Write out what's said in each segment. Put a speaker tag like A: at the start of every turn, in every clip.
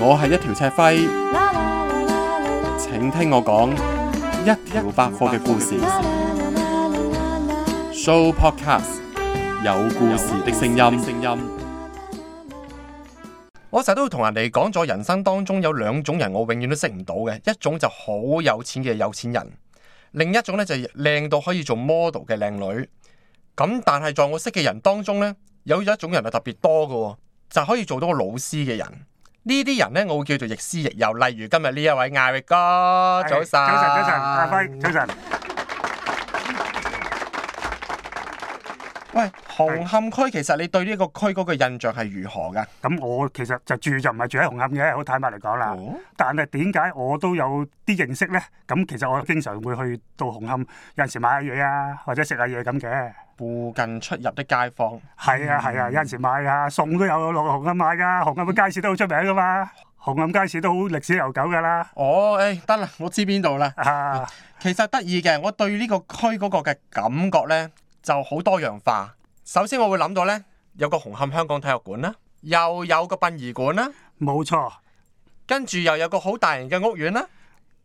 A: 我係一條赤輝，請聽我講一條百貨嘅故事。Show podcast 有故事的聲音。我成日都會同人哋講咗，人生當中有兩種人，我永遠都識唔到嘅，一種就好有錢嘅有錢人，另一種咧就係靚到可以做 model 嘅靚女。咁但係在我識嘅人當中呢，有一種人係特別多嘅，就可以做到個老師嘅人。呢啲人呢，我會叫做亦師亦友。例如今日呢一位艾力哥，早晨，早晨，早晨，早晨，阿輝，早
B: 晨。喂，紅磡區其實你對呢個區嗰個印象係如何噶？咁我其實就住就唔係住喺紅磡嘅，好坦白嚟講啦。哦。但係點解我都有啲認識咧？咁其實我經常會去到紅磡，有陣時買下嘢啊，或者食下嘢咁嘅。附近出入的街坊。係啊係啊，有陣時買啊，餸，都有落紅磡買噶，紅磡嘅街市都好出名噶嘛。紅磡街市都好歷史悠久噶啦。哦，誒、哎，得啦，我知邊度啦。啊。
A: 其實得意嘅，我對呢個區嗰個嘅感覺咧。就好多樣化。首先，我會諗到呢，有個紅磡香港體育館啦，又有個殯儀館啦，冇錯。跟住又有個好大型嘅屋苑啦，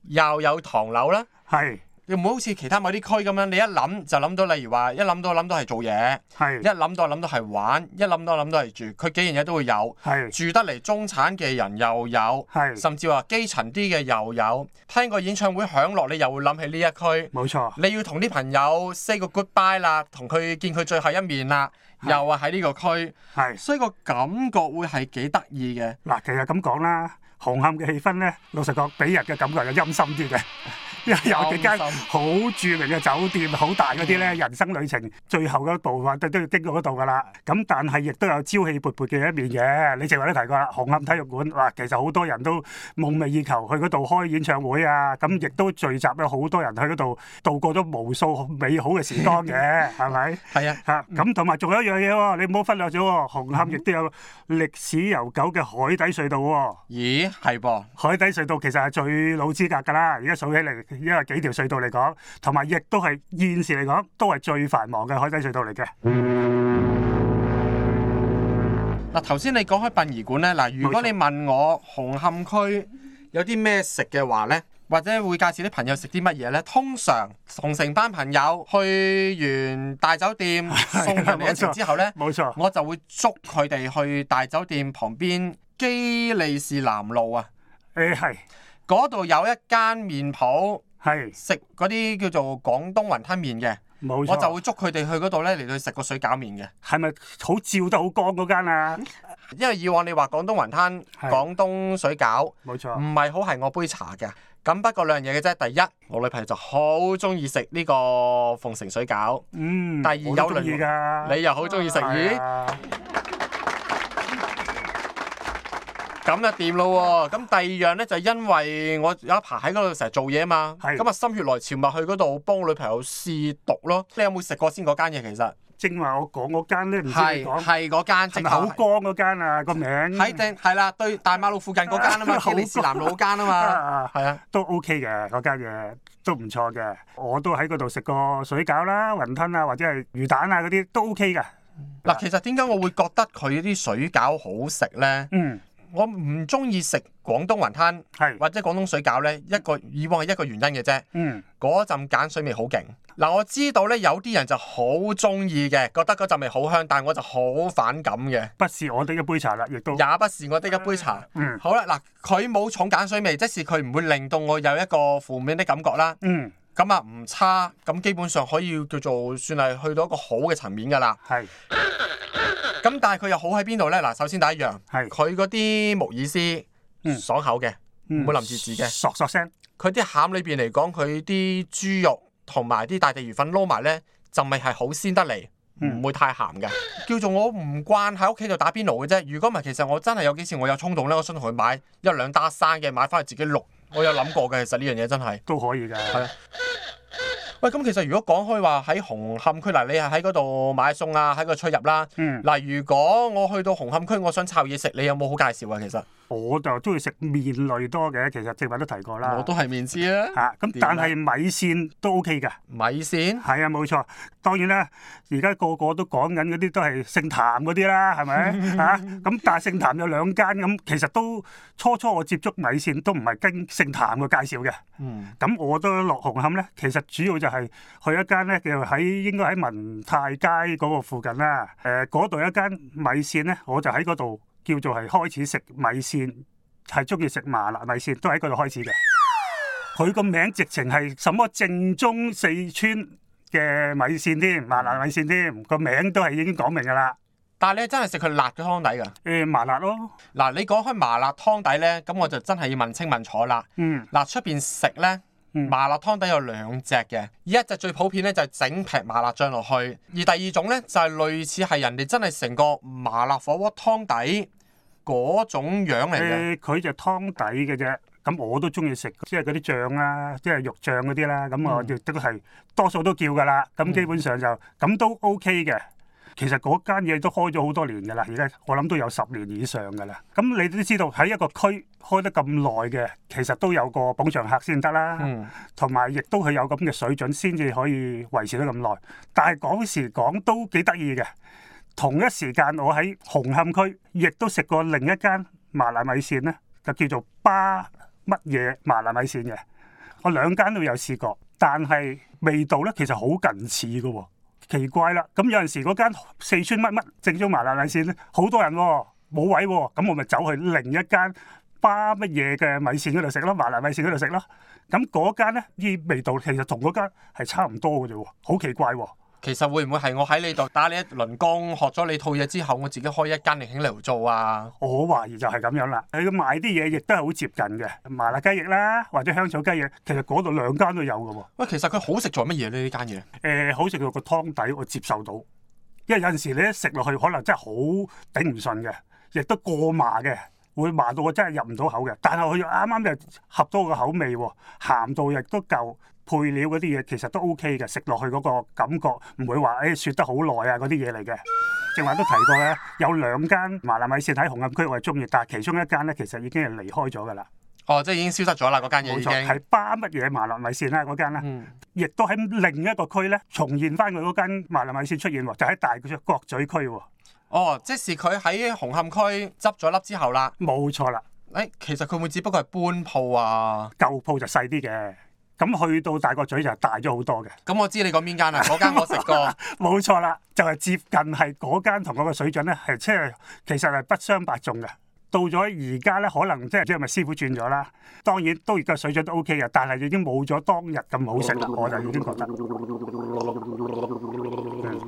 A: 又有唐樓啦，係。你唔好好似其他某啲區咁樣，你一諗就諗到，例如話一諗到諗到係做嘢，一諗到諗到係是玩，一諗到諗到係住，佢幾樣嘢都會有。是住得嚟中產嘅人又有，是甚至話基層啲嘅又有。聽個演唱會響落，你又會諗起呢一區。冇錯，你要同啲朋友 say 個 goodbye 啦，同佢見佢最後一面啦，是又話喺呢個區，所以個感覺會係幾得意嘅。嗱，
B: 其實咁講啦，紅磡嘅氣氛咧，老實講俾人嘅感覺又陰森啲嘅。 有幾間好著名嘅酒店，好大嗰啲咧，人生旅程最後一步啊，都都要經過嗰度噶啦。咁但係亦都有朝氣勃勃嘅一面嘅。你正話都提過啦，紅磡體育館，嗱，其實好多人都夢寐以求去嗰度開演唱會啊。咁亦都聚集咗好多人去嗰度度過咗無數美好嘅時光嘅，係咪？ 係啊，嚇！咁同埋仲有一樣嘢喎，你唔好忽略咗喎，紅磡亦都有歷史悠久嘅海底隧道喎。咦，係噃？海底隧道其實係最老資格㗎啦，而家數起嚟。因為幾條隧道嚟講，同埋亦都係現時嚟講都係最繁忙嘅海底隧道嚟嘅。嗱，頭先你講開殯儀館呢，嗱，如果你
A: 問我紅磡區有啲咩食嘅話呢，或者會介紹啲朋友食啲乜嘢呢？通常同成班朋友去完大酒店送佢哋一次之後呢，冇錯，我就會捉佢哋去大酒店旁邊機利士南路啊。誒、欸，係。嗰度有一間麵鋪，係食嗰啲叫做廣東雲吞麵嘅錯，我就會捉佢哋去嗰度呢嚟到食個水餃麵嘅。係咪好照得好光嗰間啊？因為以往你話廣東雲吞、是廣東水餃錯，唔係好係我杯茶嘅。咁不過兩樣嘢嘅啫。第一，我女朋友就好中意食呢個鳳城水餃。嗯，第二有魚，你又好中意食魚。哎呀哎咁就掂咯喎！咁第二樣咧就係、是、因為我有一排喺嗰度成日做嘢啊嘛，咁啊心血來潮咪去嗰度幫我女朋友試毒咯。你有冇食過先嗰間嘢？其實正話
B: 我講嗰間咧，唔知你講係嗰間，係咪好光嗰間啊？個是名喺正係啦，對，對
A: 大馬路附近嗰間啊間嘛，好市南路嗰間啊嘛，係啊，啊
B: 都 OK 嘅嗰間嘢都唔錯嘅。我都喺嗰度食過水餃啦、雲吞啊，或者係魚蛋啊嗰啲都 OK 嘅。嗱、嗯，嗯、其實點解我會覺得佢啲水餃好食咧？嗯。我
A: 唔中意食廣東雲吞是，或者廣東水餃呢一個以往係一個原因嘅啫。嗯，嗰陣鹼水味好勁。嗱，我知道呢，有啲人就好中意嘅，覺得嗰陣味好香，但係我就好反感嘅。不是我的一杯茶啦，亦都。也不是我的一杯茶。嗯。好啦，嗱，佢冇重鹼水味，即使佢唔會令到我有一個負面的感覺啦。嗯。咁啊，唔差，咁基本上可以叫做算係去到一個好嘅層面噶啦。係是。 咁但係佢又好喺邊度呢？嗱，首先第一樣，係佢嗰啲木耳絲、嗯、爽口嘅，唔、嗯、會淋住字嘅，嗦嗦聲。佢啲餡裏邊嚟講，佢啲豬肉同埋啲大地魚粉撈埋呢，就咪係好鮮得嚟，唔、嗯、會太鹹嘅。叫做我唔慣喺屋企度打邊爐嘅啫。如果唔係，其實我真係有幾次我有衝動呢，我想同佢買一兩打生嘅，買翻去自己淥。我有諗過嘅，其實呢樣嘢真係都可以㗎。喂，咁其實如果講開話喺紅磡區，嗱你係喺嗰度買餸啊，喺嗰度出入啦。嗱，嗯、如果我去到紅磡區，我想搵嘢食，你有冇好介紹啊？其實。
B: 我就中意食麵類多嘅，其實正話都提過啦。我都係麵絲啊。嚇、啊，咁但係米線都 OK 嘅。米線係啊，冇錯。當然啦，而家個個都講緊嗰啲都係聖潭嗰啲啦，係咪 啊？咁但係聖潭有兩間咁，其實都初初我接觸米線都唔係經聖潭嘅介紹嘅。咁、嗯、我都落紅磡咧，其實主要就係去一間咧，就喺應該喺文泰街嗰個附近啦。誒、呃，嗰度一間米線咧，我就喺嗰度。叫做係開始食米線，係鍾意食麻辣米線，都喺嗰度開始嘅。佢個名直情係什麼正宗四川嘅米線添，麻辣米線添，個名都係已經講明㗎啦。但係你真係食佢辣嘅湯底㗎？誒、欸，麻辣咯。嗱，你講開麻
A: 辣湯底咧，咁我就真係要問清問楚啦。嗯。嗱，出邊食咧？嗯、麻辣湯底有兩隻嘅，一隻最普遍咧就係整瓶麻辣醬落去，而第二種咧就係類似係人哋真係成個麻辣火鍋湯底嗰種樣嚟嘅。
B: 佢、欸、就湯底嘅啫，咁我都鍾意食，即係嗰啲醬啦，即係肉醬嗰啲啦，咁我亦都係、嗯、多數都叫㗎喇，咁基本上就咁、嗯、都 OK 嘅。其實嗰間嘢都開咗好多年嘅啦，而家我諗都有十年以上嘅啦。咁你都知道喺一個區開得咁耐嘅，其實都有個捧場客先得啦，同埋亦都係有咁嘅水準先至可以維持得咁耐。但係講時講都幾得意嘅。同一時間我喺紅磡區亦都食過另一間麻辣米線咧，就叫做巴乜嘢麻辣米線嘅。我兩間都有試過，但係味道咧其實好近似㗎喎。奇怪啦，咁有陣時嗰間四川乜乜正宗麻辣米線咧，好多人喎、哦，冇位喎、哦，咁我咪走去另一間巴乜嘢嘅米線嗰度食咯，麻辣米線嗰度食咯，咁嗰間咧啲味道其實同嗰間係差唔多嘅啫喎，好奇怪喎、哦。
A: 其實會唔會係我喺你度打你一輪工，學咗你套嘢之後，我自己開一間嚟喺呢度做啊？我懷疑就係咁樣啦。
B: 佢賣啲嘢亦都係好接近嘅，麻辣雞翼啦，或者香草雞翼，其實嗰度兩間都有嘅喎。喂，其實佢好食做乜嘢呢？呢間嘢？誒、呃，好食在個湯底，我接受到，因為有陣時你一食落去，可能真係好頂唔順嘅，亦都過麻嘅，會麻到我真係入唔到口嘅。但係佢啱啱又合到個口味喎，鹹度亦都夠。配料嗰啲嘢其實都 OK 嘅，食落去嗰個感覺唔會話誒，雪得好耐啊，嗰啲嘢嚟嘅。正話都提過咧，有兩間麻辣米線喺紅磡區我係中意，但係其中一間咧其實已經係離開咗噶啦。
A: 哦，即係已經消失咗啦，嗰間嘢已經係
B: 包乜嘢麻辣米線啦嗰間啦，亦、嗯、都喺另一個區咧重現翻佢嗰間麻辣米線出現喎，就喺、是、大角咀區喎。哦，即係佢喺紅磡區執咗粒之後啦。冇錯啦。誒、欸，其實佢會唔會只不過係搬鋪啊？舊鋪就細啲嘅。咁去到大角咀就大咗好多嘅、嗯。咁我知你講邊間啦？嗰 間我食過。冇 錯啦，就係、是、接近係嗰間同嗰個水準咧，係即係其實係不相伯仲嘅。到咗而家咧，可能即係唔知係咪師傅轉咗啦。當然都而家水準都 O K 嘅，但係已經冇咗當日咁好食啦。我就已經覺得。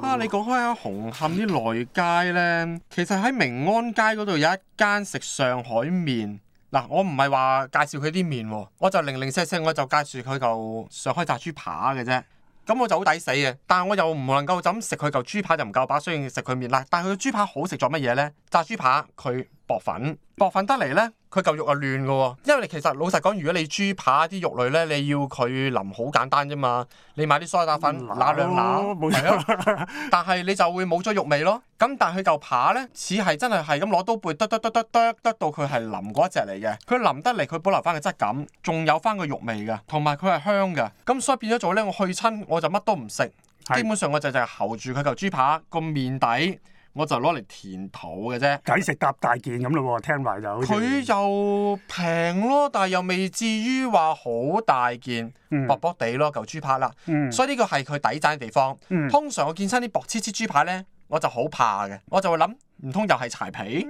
B: 啊，你
A: 講開啊，紅磡啲內街咧，其實喺明安街嗰度有一間食上海麵。嗱，我唔係話介紹佢啲麵喎，我就零零舍舍我就介紹佢嚿上海炸豬扒嘅啫，咁我就好抵死嘅。但係我又唔能夠咁食佢嚿豬扒就，就唔夠飽，雖然食佢麵啦。但係佢豬扒好食在乜嘢呢？炸豬扒，佢薄粉，薄粉得嚟呢。佢嚿肉係嫩嘅喎，因為其實老實講，如果你豬扒啲肉類呢，你要佢淋好簡單啫嘛。你買啲梳打粉攪兩攪，但係你就會冇咗肉味咯。咁但係佢嚿扒呢，似係真係係咁攞刀背剁剁剁剁剁到佢係淋嗰一隻嚟嘅。佢淋得嚟，佢保留翻個質感，仲有翻個肉味嘅，同埋佢係香嘅。咁所以變咗做呢，我去親我就乜都唔食。基本上我就就係喉住佢嚿豬扒個麵底。我就攞嚟填肚嘅啫，抵食夾大件咁咯喎，聽埋就佢又平咯，但係又未至於話好大件，薄薄地咯嚿豬扒啦，所以呢個係佢抵讚嘅地方。通常我見親啲薄黐黐豬扒呢，我就好怕嘅，我就會諗唔通又係柴皮，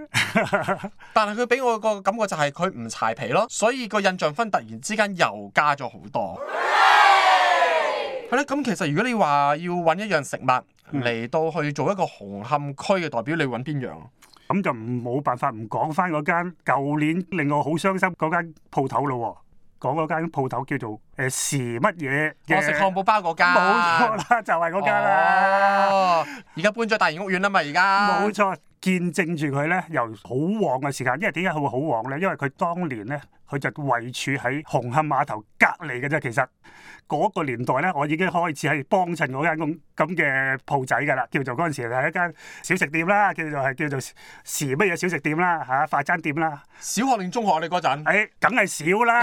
A: 但係佢俾我個感覺就係佢唔柴皮咯，所以個印象分突然之間又加咗好多。係咧，咁其實如果你話要揾一樣食物。嚟到去做一個
B: 紅磡區嘅代表，你揾邊樣？咁就冇辦法唔講返嗰間舊年令我好傷心嗰間鋪頭咯喎，講嗰間鋪頭叫做誒、欸、時乜嘢嘅，我食漢堡
A: 包嗰間，冇錯啦，就係嗰間啦。而家、哦、搬咗大型屋苑啦嘛，而家
B: 冇錯，見證住佢咧，由好旺嘅時間，因為點解佢會好旺咧？因為佢當年咧。佢就位處喺紅磡碼頭隔離嘅啫。其實嗰、嗰個年代咧，我已經開始係幫襯嗰間咁咁嘅鋪仔㗎啦。叫做嗰陣時係一間小食店啦，叫做係叫做時乜嘢小食店啦，嚇快餐店啦。小學定中學你嗰陣？梗係、欸、少啦。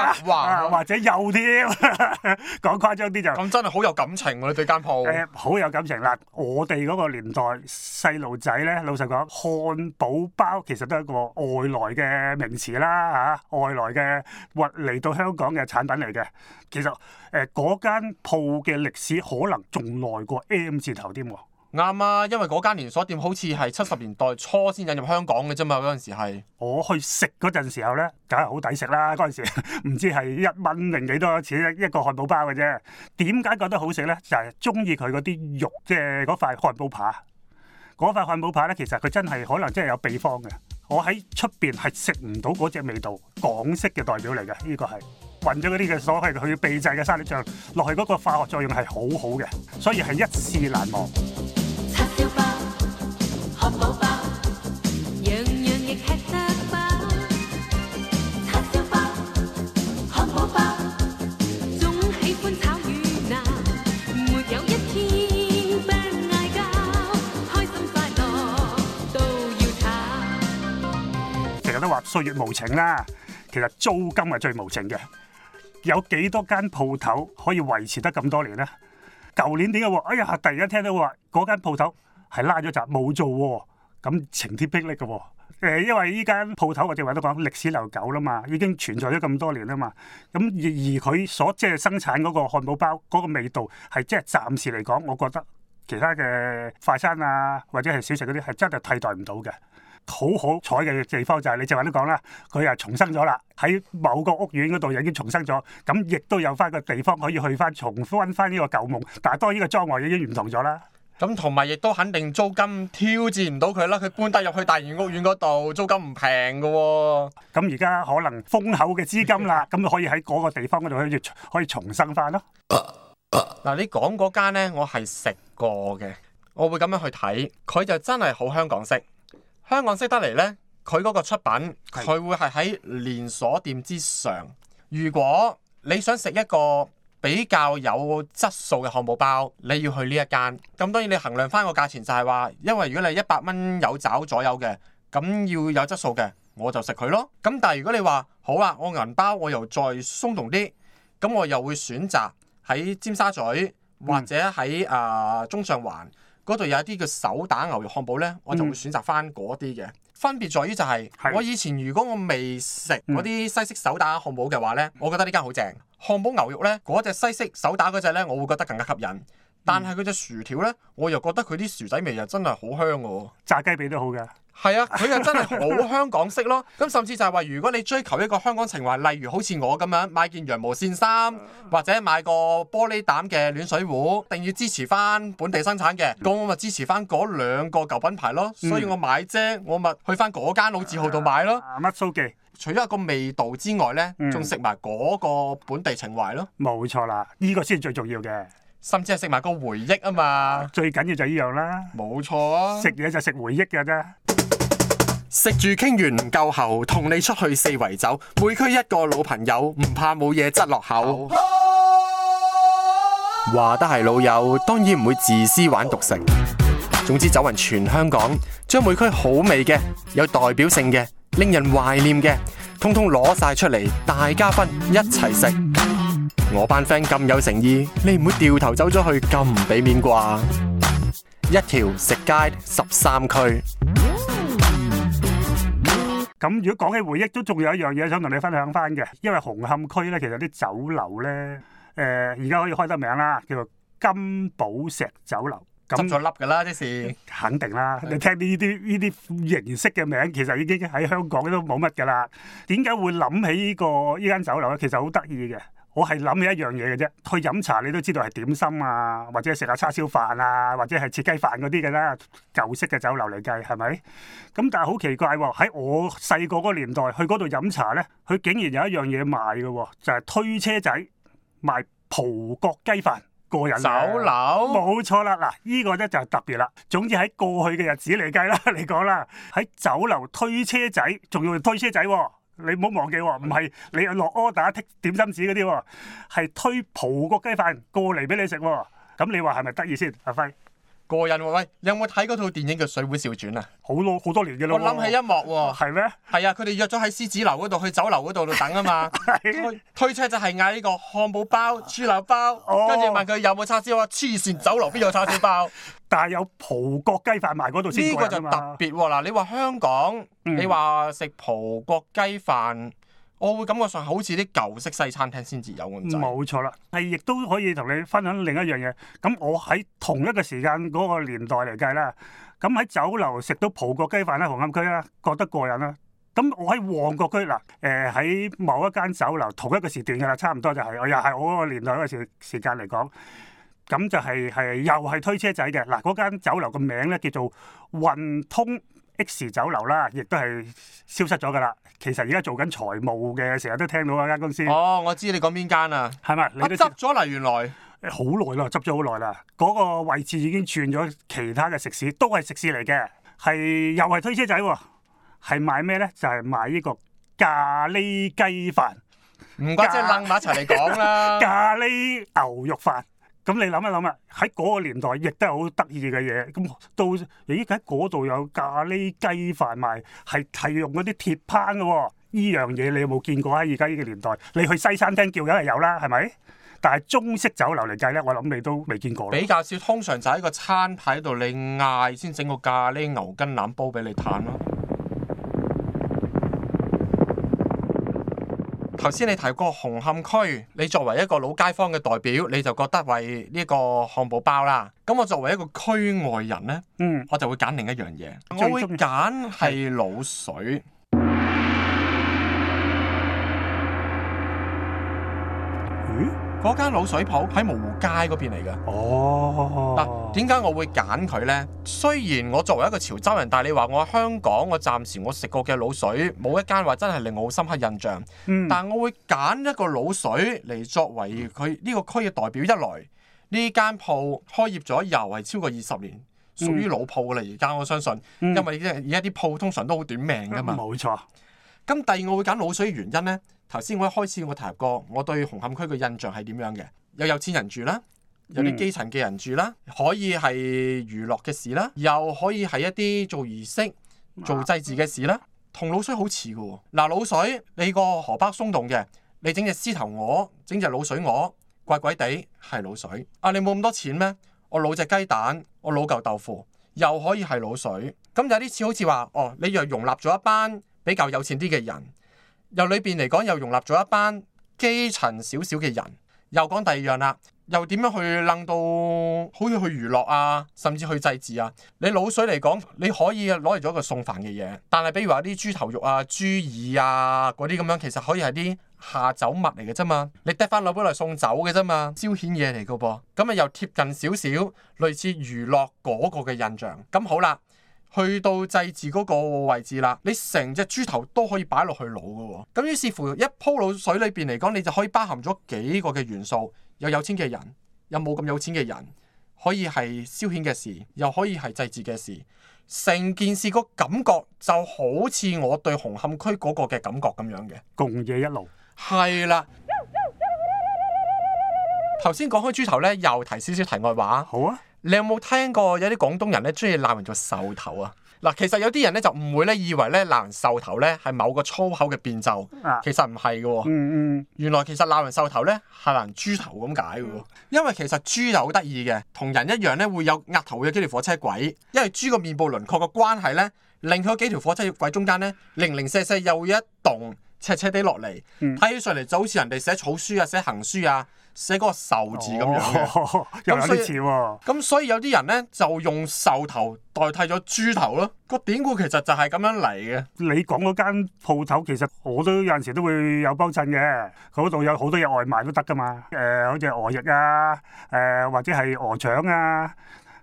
B: 啊、哇、啊！或者幼添，講 誇張啲就咁真係好有感情喎、啊！你對間鋪誒，好有感情啦。我哋嗰個年代細路仔咧，老實講，漢堡包其實都係一個外來嘅名詞啦，嚇、啊。啊外來嘅或嚟到香港嘅產品嚟嘅，其實誒嗰間鋪嘅歷史可能仲耐過 M 字頭添喎。
A: 啱啊，
B: 因為嗰間連鎖店好似係七十年代初先引入香港嘅啫嘛，嗰陣時係。我去食嗰陣時候咧，梗係好抵食啦！嗰陣時唔知係一蚊定幾多錢一個漢堡包嘅啫。點解覺得好食咧？就係中意佢嗰啲肉，即係嗰塊漢堡扒。嗰塊漢堡扒咧，其實佢真係可能真係有秘方嘅。我喺出邊係食唔到嗰隻味道，港式嘅代表嚟嘅，呢、這個係混咗嗰啲嘅所謂佢秘製嘅沙律醬落去，嗰個化學作用係好好嘅，所以係一試難忘。叉越無情啦，其實租金係最無情嘅。有幾多間鋪頭可以維持得咁多年咧？舊年點解喎，哎呀，突然間聽到話嗰間鋪頭係拉咗閘冇做喎，咁晴天霹靂嘅喎，呃。因為依間鋪頭或者話都講我正話都講歷史悠久啦嘛，已經存在咗咁多年啦嘛。咁而而佢所即係生產嗰個漢堡包嗰個味道，係即係暫時嚟講，我覺得其他嘅快餐啊，或者係小食嗰啲係真係替代唔到嘅。好好彩嘅地方就係你正話都講啦，佢又重生咗啦，喺某個屋苑嗰度已經重生咗，咁亦都有翻個地方可以去翻，重新翻呢個舊夢，但係當然個裝潢已經唔同咗啦。咁同埋亦都肯定租金挑戰唔到佢啦，佢搬得入去大元屋苑嗰度，租金唔平㗎喎。咁而家可能封口嘅資金啦，咁就可以喺嗰個地方嗰度可以可以重生翻咯。
A: 嗱， 你講嗰間咧，我係食過嘅，我會咁樣去睇，佢就真係好香港式。香港識得嚟呢，佢嗰個出品，佢會係喺連鎖店之上。如果你想食一個比較有質素嘅漢堡包，你要去呢一間。咁當然你衡量翻個價錢就係話，因為如果你一百蚊有找左右嘅，咁要有質素嘅，我就食佢咯。咁但係如果你話好啊，我銀包我又再鬆動啲，咁我又會選擇喺尖沙咀或者喺啊、嗯呃、中上環。嗰度有一啲叫手打牛肉漢堡呢，我就會選擇翻嗰啲嘅。分別在於就係、是、是我以前如果我未食嗰啲西式手打漢堡嘅話呢，我覺得呢間好正。漢堡牛肉呢，嗰隻西式手打嗰隻呢，我會覺得更加吸引。但係佢隻薯條呢，我又覺得佢啲薯仔味又真係好香喎、啊。炸雞髀都好㗎。係 啊，佢又真係好香港式咯。咁 甚至就係話，如果你追求一個香港情懷，例如好似我咁樣買件羊毛線衫，或者買個玻璃膽嘅暖水壺，定要支持翻本地生產嘅，咁我咪支持翻嗰兩個舊品牌咯。所以我買啫，我咪去翻嗰間老字號度買咯。嗯、除咗一個味道之外呢，仲食埋嗰個本地情懷咯。冇錯啦，
B: 呢、呢個先係最重要嘅。甚至係食埋個回憶啊嘛，最緊要就係呢樣啦，冇錯，食嘢，就食回憶嘅啫。
A: 食住傾完唔夠喉，同你出去四圍走，每區一個老朋友，唔怕冇嘢執落口。話得係老友，當然唔會自私玩獨食。總之走勻全香港，將每區好味嘅、有代表性嘅、令人懷念嘅，通通攞晒出嚟，大家分一齊食。我班 friend 咁有誠意，你唔會掉頭走咗去咁唔俾面啩？一條食街十三區，
B: 咁如果講起回憶，都仲有一樣嘢想同你分享翻嘅，因為紅磡區咧，其實啲酒樓咧，誒，而家可以開得名啦，叫做金寶石酒樓。爭咗粒噶啦，即是肯定啦。你聽啲呢啲呢啲形式嘅名，其實已經喺香港都冇乜噶啦。點解會諗起呢個呢間酒樓咧？其實好得意嘅。我係諗起一樣嘢嘅啫，去飲茶你都知道係點心啊，或者食下叉燒飯啊，或者係切雞飯嗰啲嘅啦，舊式嘅酒樓嚟計係咪？咁但係好奇怪喎、哦，喺我細個嗰年代去嗰度飲茶咧，佢竟然有一樣嘢賣嘅，就係、是、推車仔賣葡國雞飯，過癮、啊、酒樓冇錯啦。嗱，呢個咧就特別啦。總之喺過去嘅日子嚟計啦，你講啦，喺酒樓推車仔，仲要推車仔。你唔好忘記喎、哦，唔係你落柯打剔點心紙嗰啲喎，係推葡國雞飯過嚟俾你食喎、哦。咁你話係咪得意先，阿輝？ 過癮喎！喂，你有冇睇嗰套電影叫《水滸笑傳、啊》啊？好多好多年嘅啦～我諗起一幕喎。係咩？
A: 係啊，佢哋嗎、啊、約咗喺獅子樓嗰度，去酒樓嗰度度等啊嘛。推 是推車就係嗌呢個漢堡包、豬柳
B: 包，跟住、哦、問佢有冇叉燒啊？黐線，酒樓邊有叉燒包？ 但係有葡國雞飯賣嗰度先呢個就特別
A: 喎！嗱，你話香港，嗯、你話食葡國雞
B: 飯。我會感覺上好似啲舊式西餐廳先至有咁。冇錯啦，係亦都可以同你分享另一樣嘢。咁我喺同一個時間嗰個年代嚟計啦，咁喺酒樓食到葡國雞飯咧，紅磡區啦，覺得過癮啦、啊。咁我喺旺角區嗱，誒、呃、喺某一間酒樓，同一個時段㗎啦，差唔多就係、係，又係我個年代嗰個時時間嚟講，咁就係、係、係又係推車仔嘅嗱，嗰間酒樓嘅名咧叫做運通。X 酒樓啦，亦都係消失咗噶啦。其實而家做緊財務嘅，成日都聽到嗰間公司。哦，我知你講邊間啊？係咪？你哋執咗啦，啊、原來好耐啦，執咗好耐啦。嗰、嗰個位置已經轉咗其他嘅食肆，都係食肆嚟嘅。係又係推車仔喎、啊，係賣咩咧？就係賣呢個咖喱雞飯。唔該，即係撚埋一齊嚟講啦。 咖喱牛肉飯。咁你諗一諗啊，喺嗰個年代亦都係好得意嘅嘢。咁到咦喺嗰度有咖喱雞飯賣，係係用嗰啲鐵鏚嘅喎。依樣嘢你有冇見過啊？而家依個年代，你去西餐廳叫梗係有啦，係咪？但係中式酒樓嚟計咧，我諗你都未見過。比
A: 較少，通常就喺個餐牌度你嗌先整個咖喱牛筋腩煲俾你歎啦。頭先你提過紅磡區，你作為一個老街坊嘅代表，你就覺得為呢個漢堡包啦。咁我作為一個區外人呢，嗯，我就會揀另一樣嘢。我會揀係滷水。嗰間滷水鋪喺蕪湖街嗰邊嚟嘅。哦，嗱，點解我會揀佢呢？雖然我作為一個潮州人，但係你話我喺香港，我暫時我食過嘅滷水冇一間話真係令我好深刻印象。嗯、但係我會揀一個滷水嚟作為佢呢個區嘅代表。一來，呢間鋪開業咗又係超過二十年，屬於老鋪啦。而家我相信，嗯、因為而家啲鋪通常都好短命㗎嘛。冇錯。咁第二我會揀滷水嘅原因呢。頭先我一開始我提及過，我對紅磡區嘅印象係點樣嘅？有有錢人住啦，有啲基層嘅人住啦，可以係娛樂嘅事啦，又可以係一啲做儀式、做祭祀嘅事啦，同鹵水好似嘅喎。嗱、啊、鹵水，你個荷包鬆動嘅，你整隻獅頭鵝，整隻鹵水鵝，怪怪地係鹵水。啊，你冇咁多錢咩？我鹵隻雞蛋，我鹵舊豆腐，又可以係鹵水。咁有啲似好似話，哦，你若容納咗一班比較有錢啲嘅人。由裏邊嚟講，又容納咗一班基層少少嘅人，又講第二樣啦，又點樣去楞到好似去娛樂啊，甚至去祭祀啊？你鹵水嚟講，你可以攞嚟做一個送飯嘅嘢，但係比如話啲豬頭肉啊、豬耳啊嗰啲咁樣，其實可以係啲下酒物嚟嘅啫嘛，你得翻攞杯嚟送酒嘅啫嘛，消遣嘢嚟嘅噃，咁啊又貼近少少類似娛樂嗰個嘅印象，咁好啦。去到祭祀嗰個位置啦，你成隻豬頭都可以擺落去攞㗎喎。咁於是乎一鋪腦水裏邊嚟講，你就可以包含咗幾個嘅元素，有有錢嘅人，有冇咁有錢嘅人，可以係消遣嘅事，又可以係祭祀嘅事。成件事個感覺就好似我對紅磡區嗰個嘅感覺咁樣嘅，共野一路。係啦。頭先講開豬頭呢，又提少少題外話。好啊。你有冇聽過有啲廣東人咧鍾意鬧人做瘦頭啊？嗱，其實有啲人咧就唔會咧，以為咧鬧人瘦頭咧係某個粗口嘅變奏，其實唔係嘅。嗯嗯，原來其實鬧人瘦頭咧係鬧人豬頭咁解嘅。因為其實豬又好得意嘅，同人一樣咧會有額頭嘅幾條火車軌，因為豬個面部輪廓嘅關係咧，令佢嗰幾條火車軌中間咧零零四四又一棟赤赤地落嚟，睇起上嚟，就好似人哋寫草書啊、寫行書啊。寫嗰個壽
B: 字咁樣，哦，有啲似喎。
A: 咁所，所以有啲人咧就用壽頭代替咗豬頭咯。個典故其實就係咁樣嚟
B: 嘅。你講嗰間鋪頭其實我都有陣時都會有幫襯嘅。嗰度有好多嘢外賣都得噶嘛。誒、呃，好似鵝翼啊，誒、呃、或者係鵝腸啊。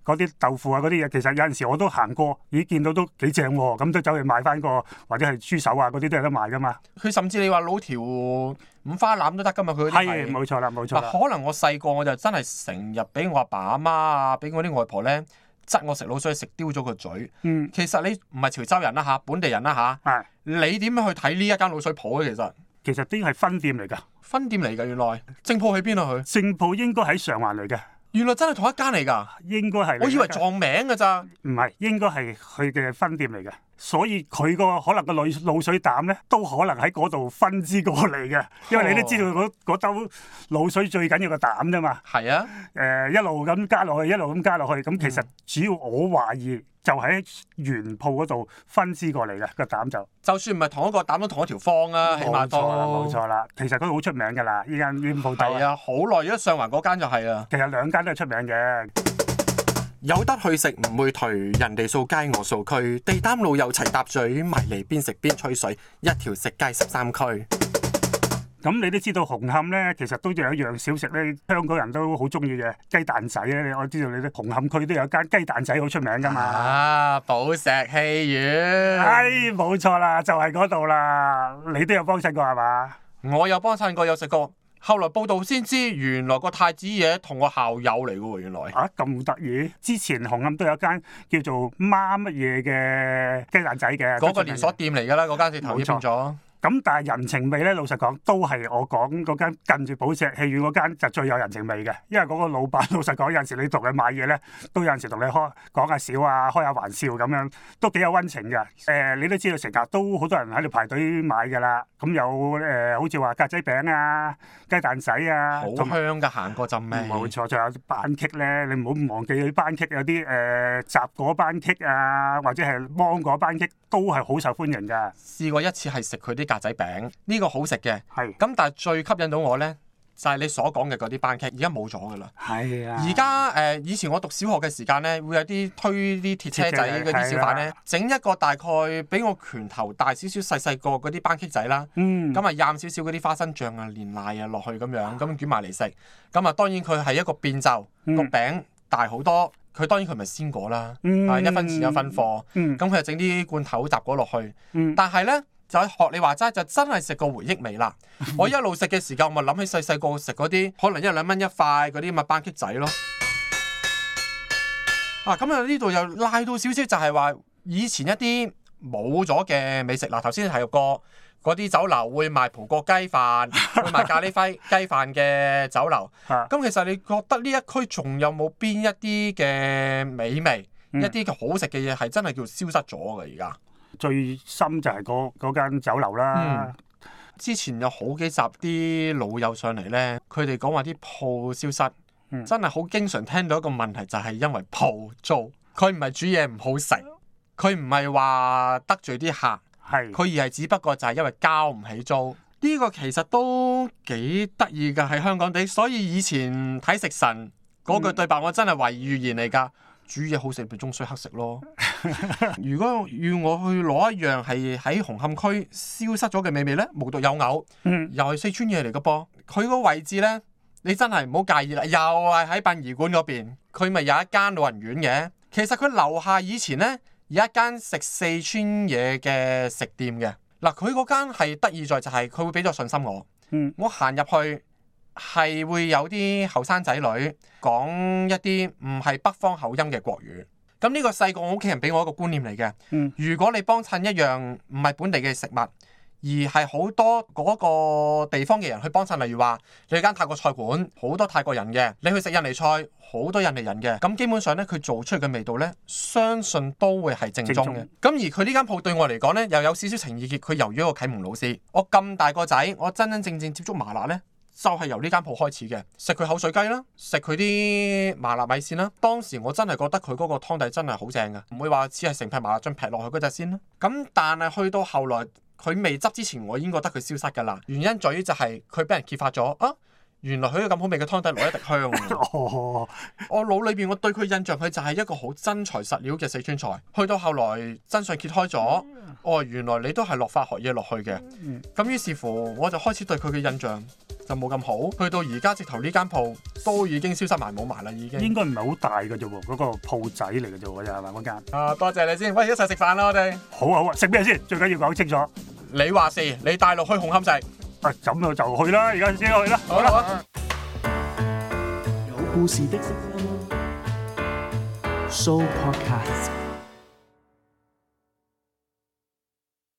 B: 嗰啲豆腐啊，嗰啲嘢其實有陣時我都行過，咦，見到都幾正喎，咁都走去買翻個或者係豬手啊，嗰啲都有得賣噶嘛。佢甚至你話滷條五花腩都得噶嘛，佢係冇錯啦，冇錯、啊。可
A: 能我細個我就真係成日俾我阿爸阿媽啊，俾我啲外婆咧質我食滷水食，丟咗個嘴。嗯、其實你唔係潮州人啦吓，本地人啦吓。係的你點樣去睇呢一間滷
B: 水鋪咧？其實其實啲係分店嚟㗎，分店嚟㗎，原來正鋪喺邊度？佢正鋪應該喺上環嚟嘅。原來真係同一間嚟㗎，應該係。我以為撞名㗎咋。唔係，應該係佢嘅分店嚟嘅。所以佢個可能個滷滷水膽咧，都可能喺嗰度分支過嚟嘅。因為你都知道嗰兜滷水最緊要個膽啫嘛。係啊。誒、呃，一路咁加落去，一路咁加落去。咁其實主要我懷疑、嗯。就喺原鋪嗰度分支過嚟嘅，個膽就，就算唔係同一個膽都同一條方啊。錯起碼都冇錯啦，冇錯啦，其實佢好出名嘅啦，依間原鋪底係啊，好耐啊，上環嗰間就係啊，其實兩間都係出名嘅，
A: 有得去食唔會頹，人哋掃街我掃區，地攤路遊齊搭嘴，埋嚟邊食邊吹水，一條食街十三區。
B: 咁、嗯、你都知道紅磡咧，其實都仲有一樣小食咧，香港人都好中意嘅雞蛋仔咧。我知道你咧，紅磡區都有間雞蛋仔好出名㗎嘛。啊，寶石戲院。誒、哎，冇錯啦，就係嗰度啦。你都有幫襯過係嘛？
A: 我有幫襯過，有食過。後來報道先知道原、啊，原來個太子爺同個校
B: 友嚟㗎原來。啊，咁得意？之前紅磡都有間叫做媽乜嘢嘅雞蛋仔嘅，嗰個連鎖
A: 店嚟㗎啦，嗰間店頭已經變咗。
B: 咁但係人情味咧，老實講，都係我講嗰間近住寶石戲院嗰間就最有人情味嘅，因為嗰個老闆老實講，有陣時你同佢買嘢咧，都有陣時同你開講下笑啊，開下玩笑咁樣，都幾有温情嘅。誒、呃，你都知道成日都好多人喺度排隊買㗎啦。咁有誒、呃，好似話格仔餅啊、雞蛋仔啊，好
A: 香㗎，行有過陣味。冇錯，仲有班
B: 戟咧，你唔好唔忘記佢班戟有啲誒、呃、雜果班戟啊，或者係芒果班戟。都係好受歡迎㗎。
A: 試過一次係食佢啲格仔餅，呢、這個好食嘅。係是。咁但係最吸引到我呢，就係、是、你所講嘅嗰啲班戟，而家冇咗㗎啦。係啊。而家誒，以前我讀小學嘅時間呢，會有啲推啲鐵車仔嗰啲小販咧，整、啊、一個大概比我拳頭大少少、細細個嗰啲班戟仔啦。嗯。咁啊，蘸少少嗰啲花生醬啊、煉奶啊落去咁樣，咁捲埋嚟食。咁啊，當然佢係一個變奏，個餅大好多。嗯。佢當然佢唔係鮮果啦，係、嗯啊、一分錢一分貨，咁佢、嗯、就整啲罐頭雜果落去。嗯、但係呢，就學你話齋，就真係食個回憶味啦。嗯、我一路食嘅時間，我咪諗起細細個食嗰啲，可能一兩蚊一塊嗰啲麥班戟仔咯。嗯、啊，咁啊呢度又拉到少少，就係話以前一啲冇咗嘅美食。嗱、啊，頭先提及過。嗰啲酒樓會賣葡國雞飯，會賣咖喱輝 雞飯嘅酒樓。咁 其實你覺得呢一區仲有冇邊一啲嘅美味，嗯、一啲好食嘅嘢係真係叫消失咗嘅而家？最深就係嗰間酒樓啦、嗯。之前有好幾集啲老友上嚟呢，佢哋講話啲鋪消失，嗯、真係好經常聽到一個問題就係因為鋪租，佢唔係煮嘢唔好食，佢唔係話得罪啲客。係，佢是而係只不過就係因為交唔起租，呢、這個其實都幾得意㗎，喺香港地，所以以前睇食神嗰句對白，我真係懷疑預言嚟㗎。煮嘢好食，佢終須乞食咯。 如果要我去攞一樣係喺紅磡區消失咗嘅美味呢，無獨有偶。嗯、又係四川嘢嚟嘅噃。佢個位置呢，你真係唔好介意啦。又係喺殯儀館嗰邊，佢咪有一間老人院嘅。其實佢樓下以前呢。而一間食四川嘢嘅食店嘅，嗱佢嗰間係得意在就係佢會俾咗信心我，嗯、我行入去係會有啲後生仔女講一啲唔係北方口音嘅國語，咁呢個細個我屋企人俾我一個觀念嚟嘅，嗯、如果你幫襯一樣唔係本地嘅食物，而係好多嗰個地方嘅人去幫襯，例如話你間泰國菜館好多泰國人嘅，你去食印尼菜好多印尼人嘅，咁基本上呢，佢做出嚟嘅味道呢，相信都會係正宗嘅。咁正宗而佢呢間鋪對我嚟講呢，又有少少情意結，佢由於一個啟蒙老師，我咁大個仔，我真真正正接觸麻辣呢，就係、是、由呢間鋪開始嘅，食佢口水雞啦，食佢啲麻辣米線啦。當時我真係覺得佢嗰個湯底真係好正嘅，唔會話只係成批麻辣醬劈落去嗰隻先啦。咁但係去到後來。佢未執之前，我已經覺得佢消失㗎啦。原因在於就係佢俾人揭發咗啊。原來佢有咁好味嘅湯底落一滴香。我腦裏邊，我對佢印象，佢就係一個好真材實料嘅四川菜。去到後來真相揭開咗，哦，原來你都係落化學嘢落去嘅。咁於是乎，我就開始對佢嘅印象就冇咁好。去到而家直頭呢間鋪，都
B: 已經消失埋冇埋啦，已經應該已。應該唔係好大嘅啫喎，嗰、那個鋪仔嚟嘅啫喎，就係嘛嗰間。啊，多謝你先，喂，一齊食飯啦，我哋、啊。好啊好啊，食咩先？最緊要講清楚。你話事，你帶路去紅磡食。啊，咁就就去啦，而家先去啦，好啦。有故事的聲音。Show Podcast